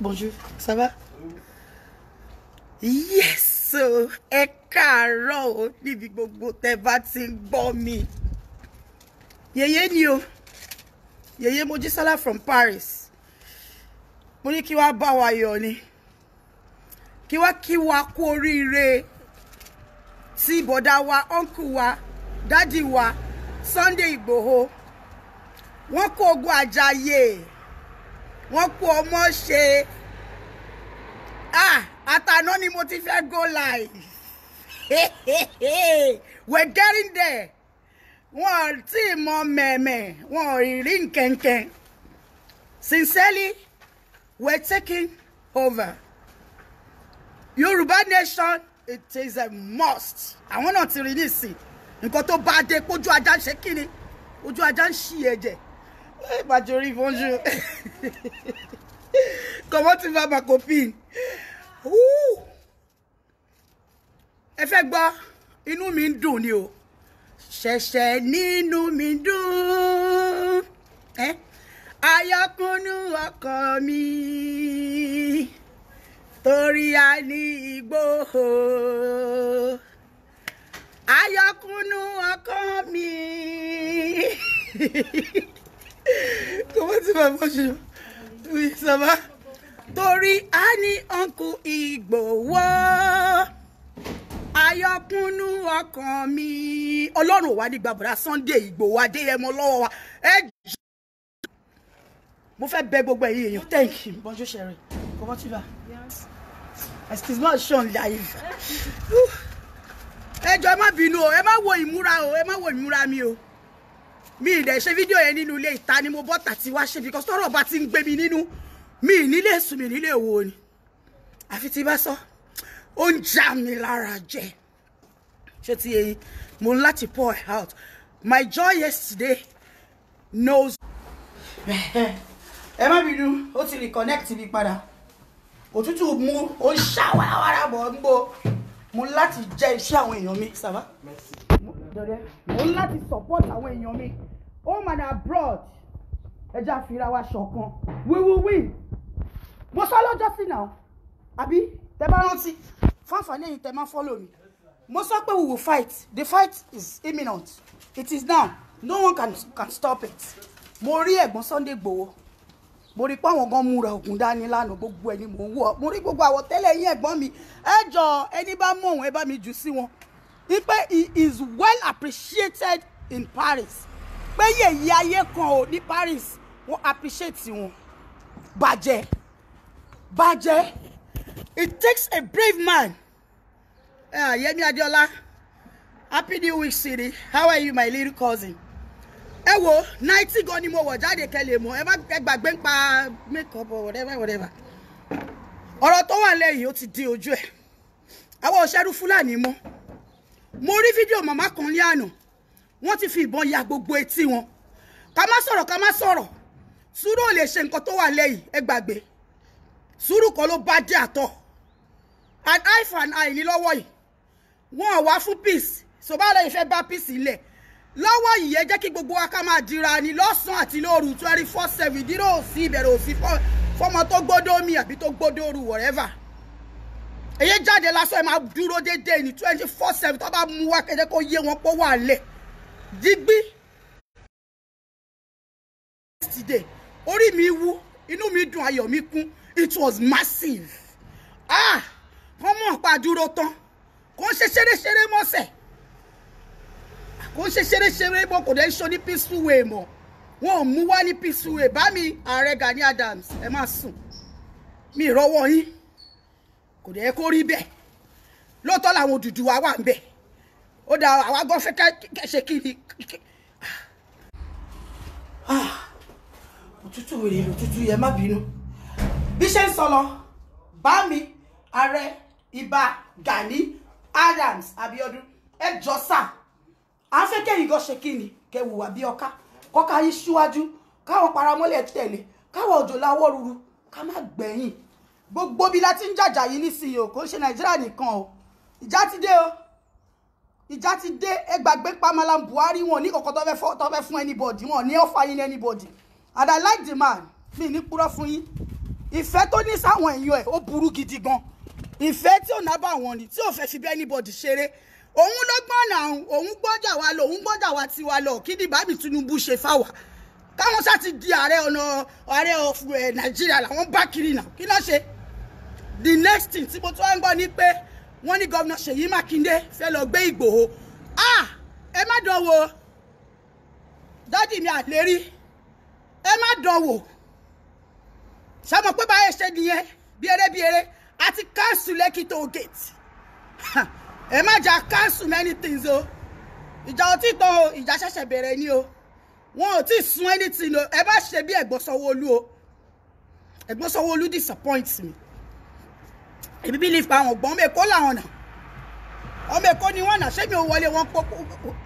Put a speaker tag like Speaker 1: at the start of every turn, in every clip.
Speaker 1: Bonjour, ça va? Yes! Ẹ káàárọ̀ o níbi gbogbo tẹ́ bá ti ń gbọ́ mi. Yèyé from Paris. Mo ní bawa yoni, bá wa yọ̀ re, si boda wa kú wa, uncle wa, dádì wa, Sunday Ìgbòho wọ́n kó ogun àjàyè wọ́n kó ọmọ ṣe ah, àtàná ni mo ti fẹ́ go live we're getting there wọ́n tí mọ mẹ̀mẹ̀ wọ́n rí nkẹ̀nkẹ̀ sincerely we're taking over Yorùbá nation it is a must àwọn náà ti rí nísìn nǹkan tó bá dé kójú ajá ń ṣe kíni ojú ajá ń ṣí ẹ̀jẹ̀. Eh, Marjorie, bonjour. Comment tu vas, ma copine? Ouh! Ẹ fẹ́ gbọ́, inú mi ń dùn ni o. Ṣẹ̀ṣẹ̀ nínú mi ń dùn. Eh? Ayọ̀kúnnú ọkọ mi. Torí a ní igbó. Ayọ̀kúnnú ọkọ owó tí bàbá ṣe ìsọ̀bá torí a ní ọ̀nkù Ìgbòho ayọ̀kúnnú ọkàn mi ọlọ́run wà ní gbàbọ̀dá Sunday Ìgbòho Adéyẹmọ lọ́wọ́ wa ẹ mo fẹ́ bẹ gbogbo ẹ̀yin èèyàn thank you bọ́jú ṣẹ̀rẹ̀ kọ́kọ́ tí bá excuse me sean live ẹ jọ̀ọ́ ẹ má o ẹ má wo ìmúra o ẹ má wo ìmúra mi o mi ì dẹ̀ ṣe fídíò yẹn nínú ilé ìta ni mo bọ́ tàti wá ṣe because tọ́rọ̀ bá ti ń gbé mi nínú mi ì nílé sùn mi nílé wo ni àfi tí bá sọ ó ń já mi lára jẹ ṣé ti eyín mo ń láti pour it out my joy yesterday knows. ẹ má bínú ó ti reconnect mi padà òtútù mú ó ń ṣàwárà wàrà bọ̀ ń gbó mo ń láti jẹ iṣẹ́ àwọn èèyàn mi sábà dọ̀rẹ́ mo ń láti support àwọn èèyàn mi home and abroad ẹja àfihàn wa ṣọ̀kan we will win mo sọ lọ́jọ́ sí náà àbí tẹ bá rántí fáfàní èyí tẹ máa follow mi mo sọ pé we will fight the fight is imminent it is now no one can, can stop it mo rí ẹ̀gbọ́n Sunday Igboho mo rí pé àwọn gan múra ògùn dání lánàá gbogbo ẹni mò ń wọ mo rí gbogbo àwọ̀tẹ́lẹ̀ yín ẹ̀gbọ́n mi ẹ jọ ẹni bá mọ̀ òun ẹ bá mi jù sí wọn wípé he is well appreciated in Paris pé yèyí ayé kan ò ní Paris wọ́n appreciate wọn bàjẹ́ bàjẹ́ it takes a brave man uh, Yemi Adeola happy new week siri how are you my little cousin ẹ wo náìtì gan ni mo wọ̀ jáde kẹlẹ̀ mọ́ ẹ má gbàgbé ń pa make up or whatever whatever ọ̀rọ̀ tó wà lẹ́yìn ó ti di ojú ẹ̀ àwọn òṣèrú fúlàní mọ́ mo rí fídíò màmá kan lé àná wọ́n ti fi ìbọn ya gbogbo etí wọn ká má sọ̀rọ̀ ká má sọ̀rọ̀ sùúrù ò lè ṣe nǹkan tó wà lẹ́yìn ẹ gbàgbé sùúrù kan ló bá jẹ́ àtọ̀ an eye for an eye ní lọ́wọ́ yìí wọn ò wá fún peace ṣùgbọ́n àlọ́ yìí fẹ́ bá peace lẹ̀ lọ́wọ́ yìí ẹ jẹ́ kí gbogbo wa ká máa dira ni lọ́sàn-án àti lóru twenty four seven dírò òsì ìbẹ̀rẹ̀ òsì fọmọ tó gbódó mi àbí tó gbódó oru whatever ẹyẹ jáde lásán ẹ máa dúró déédéé ní twenty four seven tó bá mú wá kéde kó yé wọn pọ̀ wà lẹ̀ digbí. yesterday orí mi wú inú mi dùn ayọ̀ mi kún it was massive ah wọ́n mọ̀ pa dúró tán kò ń ṣe ṣeréṣeré mọ́sẹ̀ kò ń ṣe ṣeréṣeré mọ́ kò dẹ̀ ń ṣo ní peaceful way mọ́ wọn ò mú wá ní peaceful way bá mi ààrẹ Gani Adams ẹ má sùn mi ìrọwọ́ yín kò dẹ̀ kó rí bẹ́ẹ̀ lóòótọ́ làwọn Odùduwà wà ń bẹ̀ ó da àwa gan fẹ́ kẹ́sẹ̀ kiri. Ah, òtútù wèrè òtútù yẹn má bínú bí ṣe ń sọ lọ bá mi ààrẹ ibà Gani Adams Abiodun ẹ jọ sáà à ń fẹ́ kẹ́yìn gan ṣe kí ni kẹwùwà bí ọká kọ́ka yí síwájú káwọn paramọ́lẹ̀ tẹ̀lé káwọn òjò láwọ́ ruru ká má gbẹ̀yìn gbogbo bí la ti ń jàjà yìí nísìnyí o kò ń ṣe nàìjíríà nìkan o ìjà ti dé o ìjà ti dé ẹ gbàgbé pamala buhari wọn ní kọ̀kọ́ tó fẹ́ fún anybody wọn ní ọ̀fà yín ní anybody and i like the man mi ní purọ́ fún yín ìfẹ́ tó ní sáwọn èèyàn ẹ̀ ó burú gidi gan ìfẹ́ tí ò nábà wọn ni tí ò fẹ́ fi bí anybody ṣeré òun ló gbọ́nà òun gbọ́jà wa lọ òun gbọ́jà wa tiwa lọ kí ni bàbí tinubu ṣe fáwa káwọn sá ti di ààrẹ ọ̀nà ààrẹ eh, nàìjíríà làwọn bá kiri náà kí náà ṣe the next thing tí mo tún wá ń gbọ́ ni pé wọ́n ní gọ́vnà Ṣèyí Mákindé fẹ́ lọ gbé Ìgbòho ah ẹ má wo. dádì mi àlérí ẹ má dánwò sọmọ pé báyẹn ṣe nìyẹn bí eré bí eré àti káńsù lẹ́kì tó gèètì ẹ má jà káńsù many things o ìjà ò tí tán o ìjà ṣẹ̀ṣẹ̀ bẹ̀rẹ̀ ni o wọn ò tí sun anything o ẹ bá ṣe bí ẹ̀gbọ́n Sanwó-Olú o ẹ̀gbọ́n Sanwó-Olú disappoint me èmi bí lifa àwọn ògbọ́n mẹ́kọ́ làwọn nà ọmọ èkó ni wọn nà ṣé mi ò wọlé wọn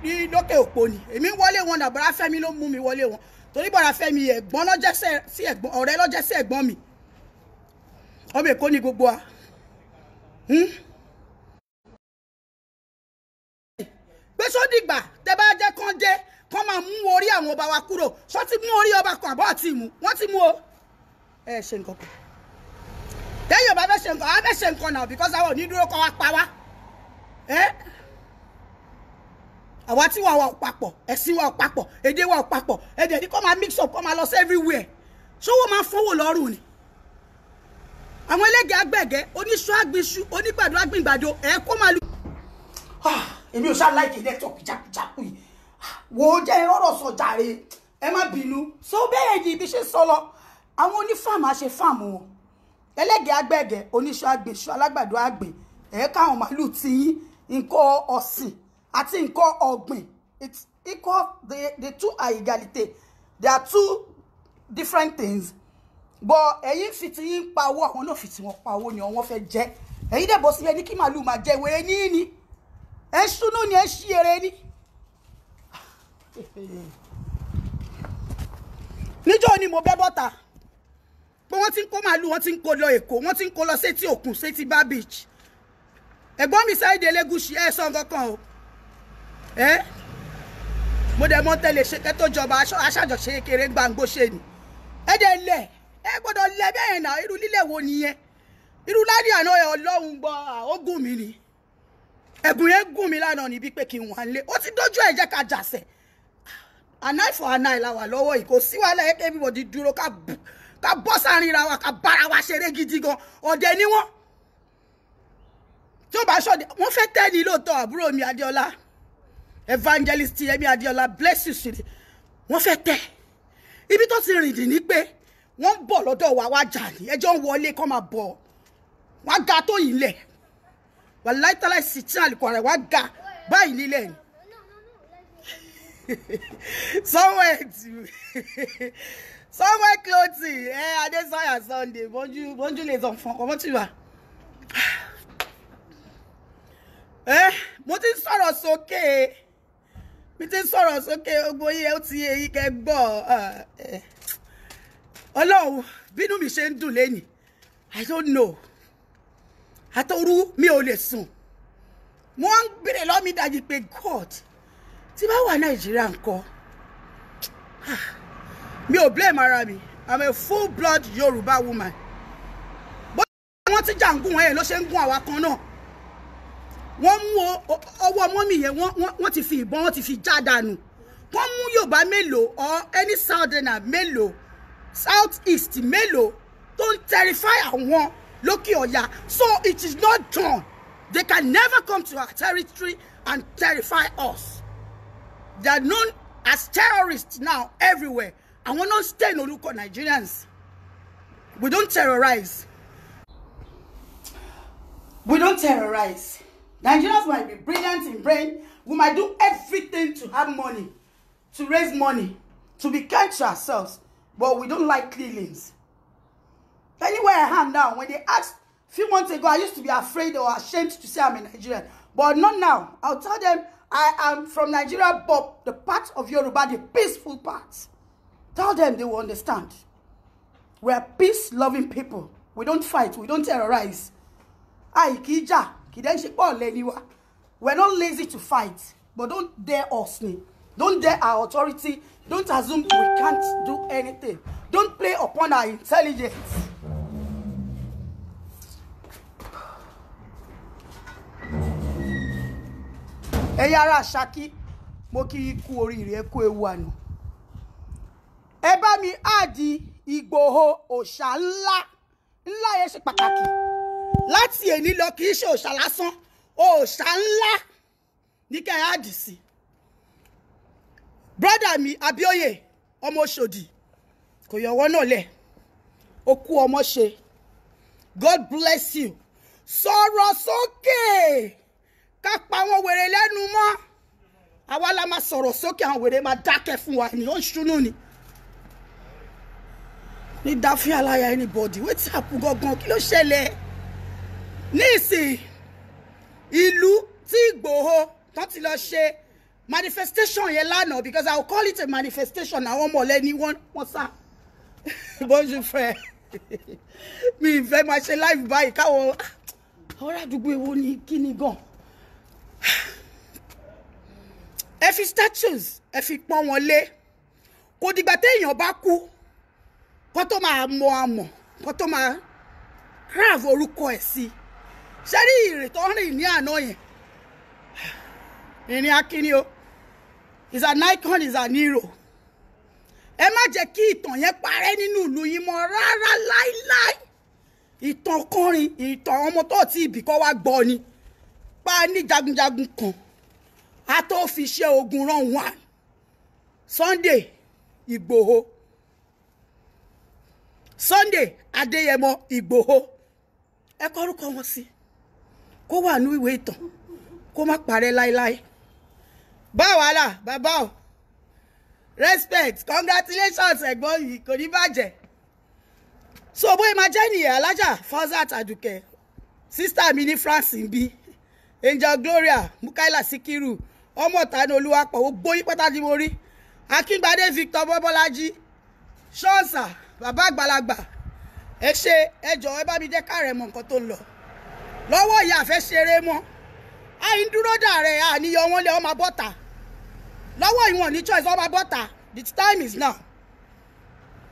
Speaker 1: ní lókè òpó ni èmi ń wọlé wọn nà bọ́dá fẹ́mi ló mú mi wọlé wọn torí bọ́dá fẹ́mi ẹ̀gbọ́n lọ́jẹ́ sí ẹ̀gbọ́n ọ̀rẹ́ lọ́jẹ́ sí ẹ̀gbọ́n mi ọmọ èkó ni gbogbo a hmm? pé sódìgbà tẹ bá jẹ́ kán dé kán máa mú orí àwọn ọba wa kúrò sọ ti mú orí ọba kan àbọ̀ àti ìmú wọ́n ti mú o ẹ ṣe nǹkan kan tẹ́yìn bá fẹ́ ṣe nǹkan á fẹ́ ṣe nǹkan náà because àwọn òní dúró kọ́ wá pa wá eh? àwa tí wà wà ò papọ̀ ẹ̀sìn wà ò papọ̀ èdè wà ò papọ̀ èdè ní kọ́ máa mix up kọ́ máa lọ sí everywhere ṣówó máa fọwọ́ lọ́rùn ni àwọn ẹlẹ́gẹ̀ agbẹ̀gẹ́ oníṣu agbiṣu onígbàdo agbìngbàdo ẹ̀ kó máa lu. Ah, èmi ò ṣáà láìkè network jákujáku yìí ah, wò ó jẹ́ ọ̀rọ̀ sọ jàre ẹ má bínú so bẹ́ẹ̀ ni ibi ṣe sọ lọ àwọn onífàmù á ṣe fàmù wọn ẹlẹ́gẹ̀ẹ́ agbẹ́gẹ̀ oníṣọ́ àgbèṣọ alágbàdo àgbẹ̀ ẹ̀ẹ́ka àwọn màálù ti yín nǹkan ọ̀sìn àti nǹkan ọ̀gbìn it's equal the the two are egalite they are two different things but ẹ̀yin fi ti yín pa owó àwọn náà fi ti wọn pa owó ni wọ́n fẹ́ jẹ ẹ̀yin dẹ̀ bọ́ síbẹ̀ ní kí màálù máa jẹ wèrè ní ní ẹ̀ ṣúnú ni ẹ̀ ṣí eré ní. níjọ́ ni mo bẹ́ bọ́ta pé wọ́n ti ń kó màálù wọ́n ti ń kó lọ èkó wọ́n ti ń kó lọ sétí òkun sétí bar beach ẹ̀gbọ́n mi Saheed Elegushi ẹ̀ sọ nǹkan kan o ẹ́ mo dẹ̀ mọ́ tẹ́lẹ̀ ṣe kẹ́ tó jọba aṣáàjọṣe kéré gbàǹgbò ṣe ni ẹ dẹ̀ lẹ̀ ẹ gbọ́dọ̀ lẹ̀ bẹ́ẹ̀ náà irú lílẹ̀ wo nìyẹn irú ládìí àná ẹ ọlọ́run gbọ́ ogún mi ni ẹ̀gùn yẹn gùn mí lánàá níbi pé kí n wà lé ó ti dójú ẹ̀ jẹ́ ká jàsẹ̀ àná ìfọ̀ àná ìlà wà lọ́wọ́ yìí kò sí wàhálà ẹ̀ kẹ́ bí mo di dúró ká bù ká bọ́ sáàrin ra wa ká bára wa ṣeré gidi gan ọ̀dẹ ni wọ́n tí ó bá ṣọ̀dẹ̀ wọ́n fẹ́ tẹ́ ní lóòótọ́ àbúrò mi adéọlá evangelist yẹmi adéọlá bless you sire wọ́n fẹ́ tẹ́ ibi tó ti rìn dì ní pé wọ́n bọ̀ lọ́dọ̀ wa wá jà ní ẹjọ́ ń wọlé kọ́ máa bọ̀ wọ́n á ga tó yìí lẹ̀ wà láìtàlá sì tí àlùkò rẹ̀ wá ga báyìí nílẹ̀ ni somewhere somewhere clothing eh? I sunday bójú bójú Sunday. Bonjour, bonjour les enfants. Comment tu vas? Eh, sọ̀rọ̀ sókè mi ti sọ̀rọ̀ sókè gbogbo yìí ẹ ó ti èyí kẹ gbọ́ ah, eh. ọlọ́run bínú mi ṣe ń dùn lẹ́yìn i don't know àtòru mi ò lè sùn wọ́n ń béèrè lọ́mídàájí pé god tí bá wà nàìjíríà ńkọ́. Ah mi ò blame ara mi i'm a full blood Yoruba woman bó wọ́n ti jàǹgùn wọn yẹn ló ṣe ń gún àwa kan náà wọ́n mú ọwọ́ mọ́mì yẹn wọ́n ti fi ìbọn wọ́n ti fi já dànù wọ́n mú yorùbá mélòó or any southerner mélòó south east mélòó tó ń terrify àwọn lókè ọ̀yà so it is not done they can never come to our territory and terrify us they are known as terrorists now everywhere àwọn náà stain orúkọ Nigerians we don't terrorize we don't terrorize
Speaker 2: Nigerians might be
Speaker 1: brilliant in brain we might do everything to have money to raise money to be kind to ourselves but we don't like killings anywhere I am now when they ask few months ago I used to be afraid or ashamed to say I'm a Nigerian but not now I'll tell them I am from Nigeria but the part of Yoruba the peaceful part Tell them they will understand. We are peace-loving people. We don't fight. We don't terrorize. Ai kì í jà kì We are not lazy to fight but don't dare us Don't dare our authority. Don't assume we can't do anything. Don't play upon our intelligence. ẹ̀yà ara ṣákí mo kí ikú oríire ẹ Fẹ́mi àdì Ìgbòho òòṣà ńlá ńlá yẹn ṣe pàtàkì láti èní lọ kì í ṣe òòṣà lásán òòṣà ńlá ní kẹ́ ẹ àdì sí brọ́dà mi Abíóyè ọmọ Òṣòdì kò yọwọ́ náà lẹ̀ ó kú ọmọ ṣe God bless you sọ̀rọ̀ sókè ká pa àwọn wèrè lẹ́nu mọ́ àwa la máa sọ̀rọ̀ sókè àwọn wèrè máa dákẹ́ fún wa ni ó ń ṣúnú ni ní dáfín aláya anybody wetin happen gangan kí ló ṣẹlẹ̀ nísìn ìlú tí Ìgbòho tó ti lọ ṣe manifestation yẹn lánàá because i will call it a manifestation àwọn ọmọ ọlẹ́ni wọ́n sá bó ṣe fẹ́ mi ìfẹ́ máa ṣe live báyìí káwọn ah, ọ̀rọ̀ àdúgbò èwo ni kí ni gan ẹ fi statues ẹ fi pọ́n wọn lé kò dìgbà téèyàn bá kú kó tó máa mọ amọ̀ kó tó máa ráàvù orúkọ ẹ̀ sí ṣé rí ìrìn tó ń rìn ní àná yẹn ìrìn akínní o is an icon is an hero ẹ má jẹ́ kí ìtàn yẹn parẹ́ nínú ìlú yìí mọ́ rárá láíláí ìtàn kọrin ìtàn ọmọ tó ti ibì kọ́ wá gbọ́ ni pa ní jagunjagun kan a tó fi ṣe ogun round one Sunday igbòho. Sunday Adéyẹmọ Ìgbòho ẹ kọ orúkọ wọn sí kó wà ní ìwé ìtàn kó má parẹ́ láéláé bá wàhálà bàbá o respect congratulations ẹ̀gbọ́n yìí kò ní bàjẹ́ so bóyá máa jẹ́ nìyẹn alájà Fauzat Adùkẹ́ sísítà mi ní France bí angel gloria mukaila sikiru ọmọ tani olúwapọ̀ gbóyí pátá ni mo rí akíngbadé victor bọ́bọ́lájí ṣọ́ọ̀sà bàbá àgbàlagbà ẹ ṣe ẹ jọ̀ọ́ ẹ bá mi jẹ́ káàrẹ̀ mọ nǹkan tó ń lọ lọ́wọ́ ìyá àfẹ́ ṣeré mọ́ àyìn dúró dàrẹ̀ àníyàn wọn lé ọmọ bọ́ta lọ́wọ́ ìwọ̀n ní choice ọmọ bọ́ta the time is now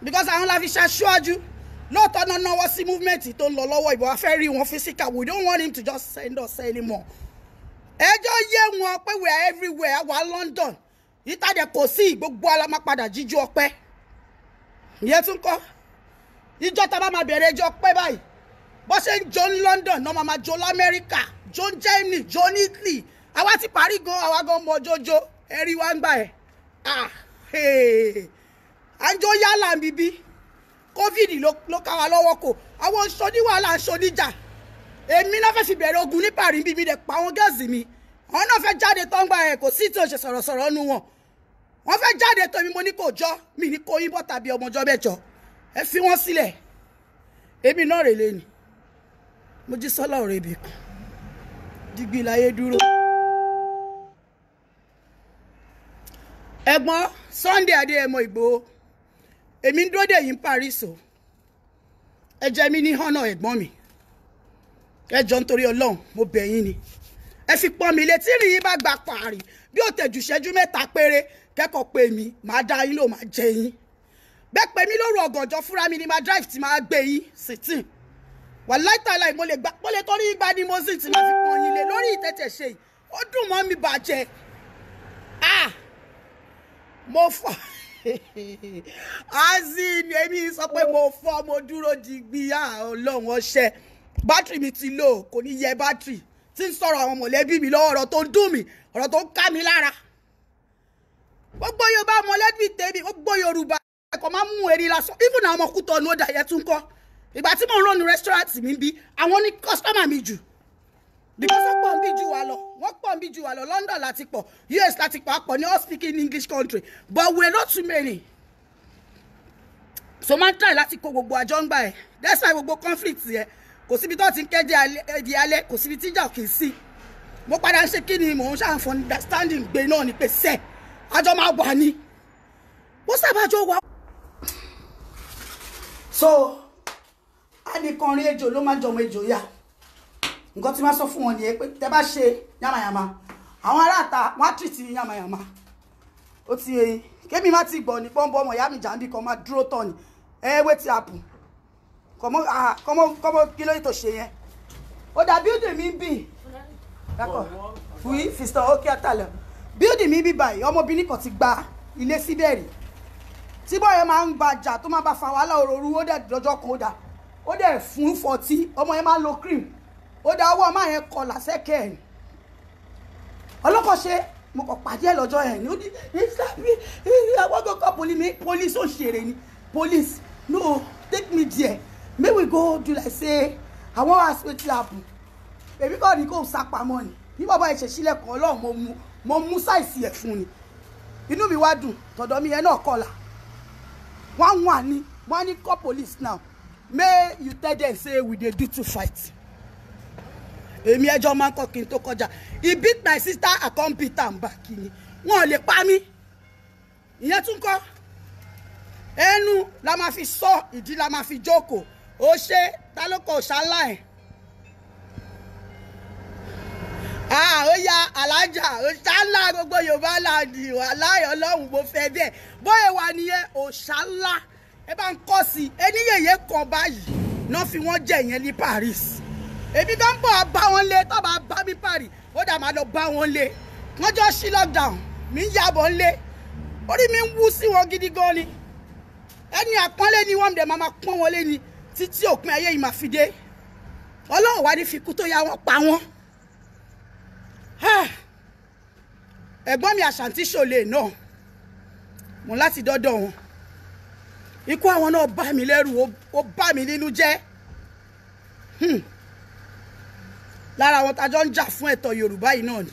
Speaker 1: because àwọn la fi ṣaṣíwájú lóòótọ́ náà náwó sí movement tó ń lọ lọ́wọ́ ìbò afẹ́ rí wọn physical we don't want him to just send us anymore ẹjọ́ yé wọn pé we are everywhere àwa London yìí tàdé kò sí gbogbo alamapadà jíjú ọpẹ́ ìyẹn tún kọ́ ìjọ tá a bá máa bẹ̀rẹ̀ ẹjọ́ pẹ́ báyìí bó ṣe ń jó ní London náà máa jó lamẹ́ríkà jó Germany jó ní Italy àwa ti parí gan àwa gan mọ jójó ẹ̀rí wá ń gbà ẹ̀ ah, à ń jó yálà bíbí covid ló ká wa lọ́wọ́ kò àwọn oníwàhálà aṣoníjà èmi náà fẹ́ fi bẹ̀rẹ̀ ogun ní parí bíbí dẹ̀ pa àwọn gẹ́ẹ̀sì mi àwọn náà fẹ́ jáde tán gbà ẹ̀ kò sí tí o nu wọn wọ́n fẹ́ jáde tó mo ní kò jọ́ mi ní kò yín bọ́ tàbí ọmọjọ́ mẹ́jọ ẹ fi wọ́n sílẹ̀ èmi náà rèé lẹ́nu mo jí sọ́lá ọ̀rẹ́ ibì kan digbí láyé dúró. ẹ̀gbọ́n Sunday Adéyẹmọ Ìgbòho èmi ń dúró dè yín Paris o ẹ mi ní hànà ẹ̀gbọ́n mi ẹ nítorí Ọlọ́run mo bẹ̀ yín ni ẹ fi pọ́n mi létí rìn yín bá gba pààrí bí ó tẹ̀jú ṣẹ́jú mẹ́ta péré kẹ́kọ̀ọ́ pé mi màá dá yín lò màá jẹ yín bẹ́ẹ̀ pé mi lóru ọ̀gànjọ́ fúnra mi ni màá drive tí màá gbé yín sitting wàláì tààlà mo lè gbà mo lè torí gba ni mo sì ti máa fi pọ̀ yín lé lórí ìtẹ̀tẹ̀ ṣe yìí ó dùn mọ́ mi bàjẹ́ ah mo fọ́ azin èmi sọ pé mo fọ́ mo dúró digbí ọlọ́run ọṣẹ bátìrì mi ti lò kò ní yẹ bátìrì tí ń sọ̀rọ̀ àwọn mọ̀lẹ́bí mi lọ́wọ́ ọ̀rọ̀ tó ń dùn mí ọ̀rọ̀ tó ń ká mi lára gbogbo yorùbá mọ̀lẹ́bí tèmi gbogbo yorùbá ẹ̀kọ́ máa ń mú eré lásán even àwọn ọmọkútọ̀ ní ọ̀dà yẹn tún kọ́ ìgbà tí mò ń lónìí restaurant mi bí àwọn ní customer mi jù because wọ́n pọ̀ ń bí jù wá lọ wọ́n pọ̀ ń bí jù wá lọ London láti pọ̀ US láti pọ̀ àpọ̀ ní all speaking English country but we no too many so máa ń try láti kó gbogbo àjọ ń gbà ẹ̀ that's why gbogbo conflict yẹn kò síbi tó ti ń kéde di alẹ́ kò síbi tíjà kì í sí mo padà ń ṣe kí ni mò ń ṣàǹfọ̀n understanding gbé náà ni pé sẹ́ẹ̀ àjọ máa wà ní wọ́n sábàjọ wà. so adìkanrin ejò ló máa jọmọ ejò yá nǹkan tí máa sọ fún wọn nìyẹn pé tẹ bá ṣe yàmàyàmà àwọn aráàta wọn á tìrìtì yàmàyàmà ó ti eyín kémi má ti gbọ́ ní pọ́ńpọ́ ọmọ ìyá mi jàǹbí kan máa dúró tọ̀ ni ẹ wé ti àpù kọ́mọ ah, kọ́mọ kọ́mọ kí ló tó ṣe yẹn ó dàbí ó dè mí bì dákọ̀ fún yìí fìsàn ó bíódì mi bí báyìí ọmọbìnrin kan ti gba ilé síbẹ̀ rí tí bọ́ọ̀yẹ máa ń gbajà tó máa bá fa wàhálà òróró ó dẹ̀ lọ́jọ́ kan ó dà ó dẹ̀ fún fọtí ọmọ yẹn máa ń lo cream ó dá owó ọmọ yẹn kọ làṣẹ́kẹ̀ ẹ̀ ọlọ́kọ̀ṣe mo kàn pàdé ẹ̀ lọ́jọ́ ẹ̀ ní ó ní ìsàbí ìyàwó kan police ó ṣèrè ni police no take me there May we go do like say i wan ask wetin happen èmi kàn ní kó o sá pamọ́ ni bí bàbá ẹ̀ ṣèṣílẹ̀ kan ọlọ́run mo mú un mo mú sáìsì ẹ̀ fún ni inú mi wá dùn tọ̀dọ̀ mi yẹn náà kọlà one one ni wọ́n ní call police now may you tell them say we dey do two fight èmi ẹjọ́ máa ń kọ́ kí n tó kọjá he beat my sister akọ́mpítà ń bà kí ni wọn ò lè pa mí ìyẹn tún kọ́ ẹnu la máa fi sọ ìdí la máa fi jókòó ó ṣe ta ló ó ya alájà òṣàlá gbogbo yorùbá láàdì aláyọ̀ ọlọ́run mo fẹ́ bẹ́ẹ̀ bóyá wà nìyẹn òṣàlá ẹ bá ń kọ́ sí i eníyèyé kan báyìí náà fi wọ́n jẹ yẹn ní Paris èmi tó ń bọ̀ bá wọn lé tó bá bá mi Paris ó dà máa lọ bá wọn lé wọ́n jọ sí lockdown mi ń yàbọ̀ ń lé orí mi ń wú sí wọn gidi gan ni ẹni àpọ́nlé ni wọ́n dẹ̀ máa máa pọ́n wọn lé ni títí òpin ayé yìí máa fi dé ọlọ́run wá ní fi kú tó yá wọn pa wọn. ẹ̀gbọ́n mi àṣàǹtí ṣòlè náà mo láti dọ́dọ̀ wọn ikú àwọn náà bá mi lẹ́rù ó bá mi nínú jẹ́ hmm. lára àwọn tájọ́ ń jà fún ẹ̀tọ́ Yorùbá yìí náà ni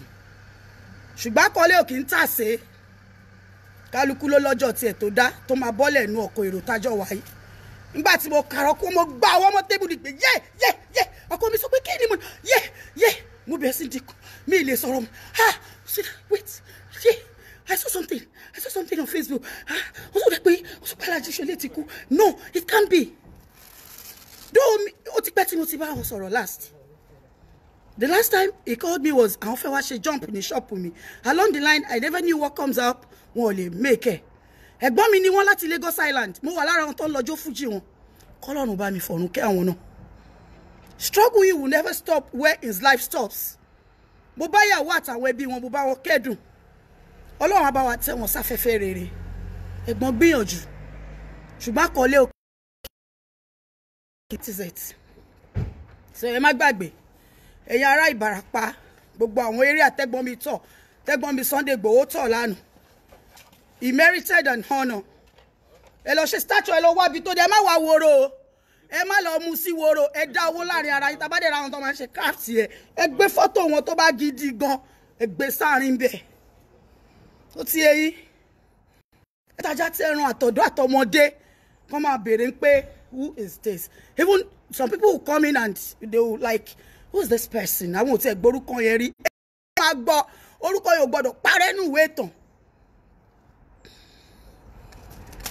Speaker 1: ṣùgbọ́n akọ́lé òkì ń tàsé kálukú ló lọ́jọ́ tiẹ̀ tó dá tó máa bọ́lẹ̀ nú ọkọ̀ èrò tájọ́ wáyé nígbà tí mo kàrọ̀ kó mo gbá ọwọ́ mọ́ tébùlù pé yé yé yé ọkọ mi sọ pé kí ni mo yé yé mo bẹ̀rẹ̀ sí dínkù Me le sọ̀rọ̀ mi ah wait yeah, I saw something I saw something on Facebook ah wọ́n sọ pé wọ́n sọ pé Alhaji Ṣọlá ti kú no it can't be though ó ti pẹ́ tí mo ti bá wọn sọ̀rọ̀ last the last time he called me was àwọn fẹ́ wá ṣe jump ní ṣọ́ọ̀pù mi along the line I never knew what comes up wọn ò lè make ẹ̀ ẹ̀gbọ́n mi ni wọ́n láti Lagos Island mo wà lára wọn tó ń lọ́jọ́ fújì wọn kọ́lọ́run bá mi fọ̀run kẹ́ àwọn náà struggle he will never stop where his life stops mo bá yàwó àtàwọn ẹbí wọn mo bá wọn kẹ́dùn ọlọ́run á bá wa tẹ́ wọn sáfẹ́fẹ́ rere ẹ̀gbọ́n gbìyànjú ṣùgbọ́n àkọlé òkè it is it so ẹ má gbàgbé ẹ̀yin ará Ìbàràpá gbogbo àwọn eré àtẹ́gbọ́n mi tọ̀ tẹ́gbọ́n mi Sunday Igboho tọ̀ lánàá he merited an honour ẹ lọ ṣe statue ẹ lọ wábi tó dé ẹ má wá woro o ẹ má lọ mu sí woro ẹ dá owó láàrin ara yín tabadẹ ra àwọn tó máa ń ṣe káàtì ẹ ẹ gbé fọ́tò wọn tó bá gidi gan ẹ gbé sáàrin bẹ̀ ó ti eyín ẹ tajà tí ẹran àtọ̀dọ́ àtọmọdé kan máa béèrè pé who is this even some people will come in and they like who is this person àwọn ò tiẹ̀ gbórúkọ yẹn rí ẹ máa gbọ́ orúkọ yóò gbọ́dọ̀ parẹ́ nùwé tán.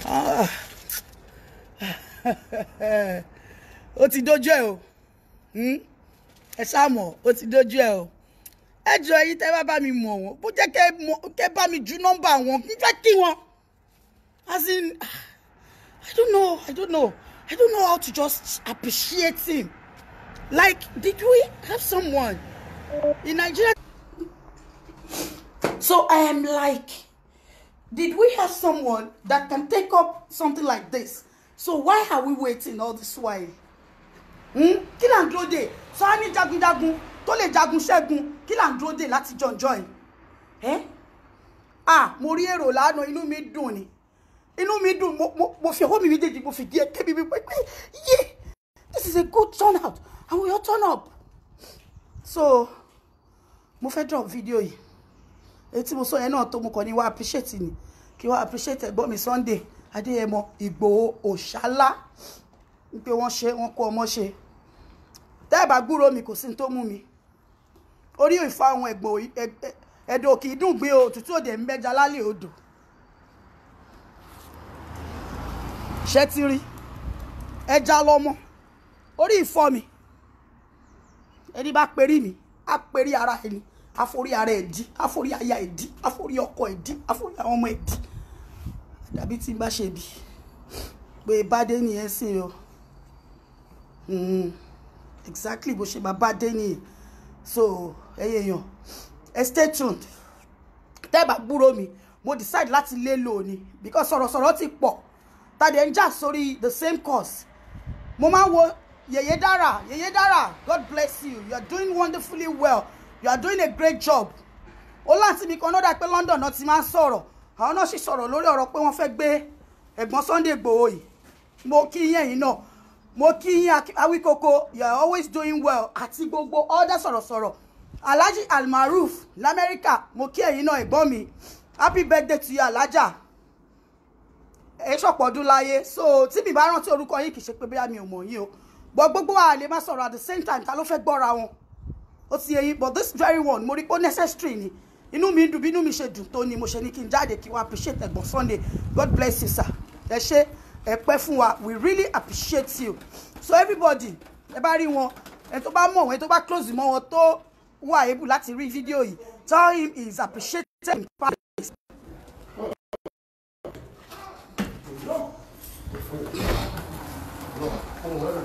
Speaker 1: Ah. ó ti dójú hmm? ẹ o ẹ sáàmọ̀ ó ti dójú ẹ o ẹ jọ èyí tẹ́ bá bá mi mọ̀ wọ́n bó jẹ́ kẹ́ bá mi ju nọ́mbà wọn n fẹ́ kí wọn as in i don't know i don't know i don't know how to just appreciate him like did we have someone in Nigeria. So I am like, did we have someone that can take up something like this? So why are we waiting all this while? Hmm? kí là ń dúró dè sọ ní jagunjagun tó lè jagun ṣẹ́gun kí là ń dúró dè láti jọ̀njọ́ ẹ̀ ẹ́ ah mo rí èrò lánàá inú mi dùn ni inú mi dùn mo fi ọwọ́ mi méjèèjì mo fi díẹ̀ kébi mi pé pé yé this is a good turn out and we all turn up so mo fẹ́ drop video yìí èyí tí mo sọ yẹn náà tó mo kàn ní wá appreciate ni kí wá appreciate ẹ̀gbọ́n mi Sunday Adéyẹmọ Ìgbòho Òṣàlá ń pé wọ́n ṣe wọ́n kó ọmọ ṣe tẹ́ẹ̀bà gbúrò mi kò sí tó mú mi orí ìfà àwọn ẹ̀gbọ́n ẹ̀dọ̀ kì í dùn gbé òtútù òde ń bẹ́jà lálẹ́ odò ṣẹ́tírí ẹja lọ́mọ orí ìfọ́ mi ẹni bá perí mi á perí ara ẹni àforí ara ẹ̀ dí àforí aya ẹ̀ àforí ọkọ ẹ̀ àforí àwọn ọmọ ẹ̀ dí tí n bá ṣe bí pé bá dé nìyẹn sí o. Mm-hmm exactly bó ṣe máa bá dé nìyẹn so ẹyẹ èèyàn ẹ stay tuned tẹ́ẹ̀bà gbúrò mi mo decide láti lé lò ní because sọ̀rọ̀sọ̀rọ̀ ti pọ̀ tàdé ń jà sórí the same course. mo máa ń wo yeye dara yeye dara god bless you you are doing wonderfully well you are doing a great job ó láti mi kan náà dá pé london náà ti máa ń sọ̀rọ̀ àwọn náà sì sọ̀rọ̀ lórí ọ̀rọ̀ pé wọ́n fẹ́ gbé ẹ̀gbọ́n sunday gbòòyì mo kí yẹn yìí náà mo kí yín awíkoko you are always doing well àti gbogbo ọ̀dà sọ̀rọ̀sọ̀rọ̀ alhaji Almaruf, lamẹ́ríkà mo kí ẹ̀yin náà ẹ̀gbọ́n mi happy birthday to you alhaja ẹ ṣọ̀pọ̀ ọdún láyé so tí mi bá rántí orúkọ yín kì í ṣe pé bóyá mi ò mọ̀ yín o but gbogbo wa lè má sọ̀rọ̀ at the same time ta ló fẹ́ gbọ́ra wọn ó ti yé but this very one mo rí pé ó necessary ni inú mi dùn bí inú mi ṣe dùn tó ni mo ṣe ní kí n jáde kí n appreciate ẹ̀gbọ́n Sunday God bless you sir ẹ ṣé ẹ pẹ́ fún wa we really appreciate you so everybody ẹ bá rí wọn ẹ tó bá mọ̀ wọn ẹ tó bá close mọ́ wọn tó wà able láti rí fídíò yìí tell him he is appreciated in paris. No.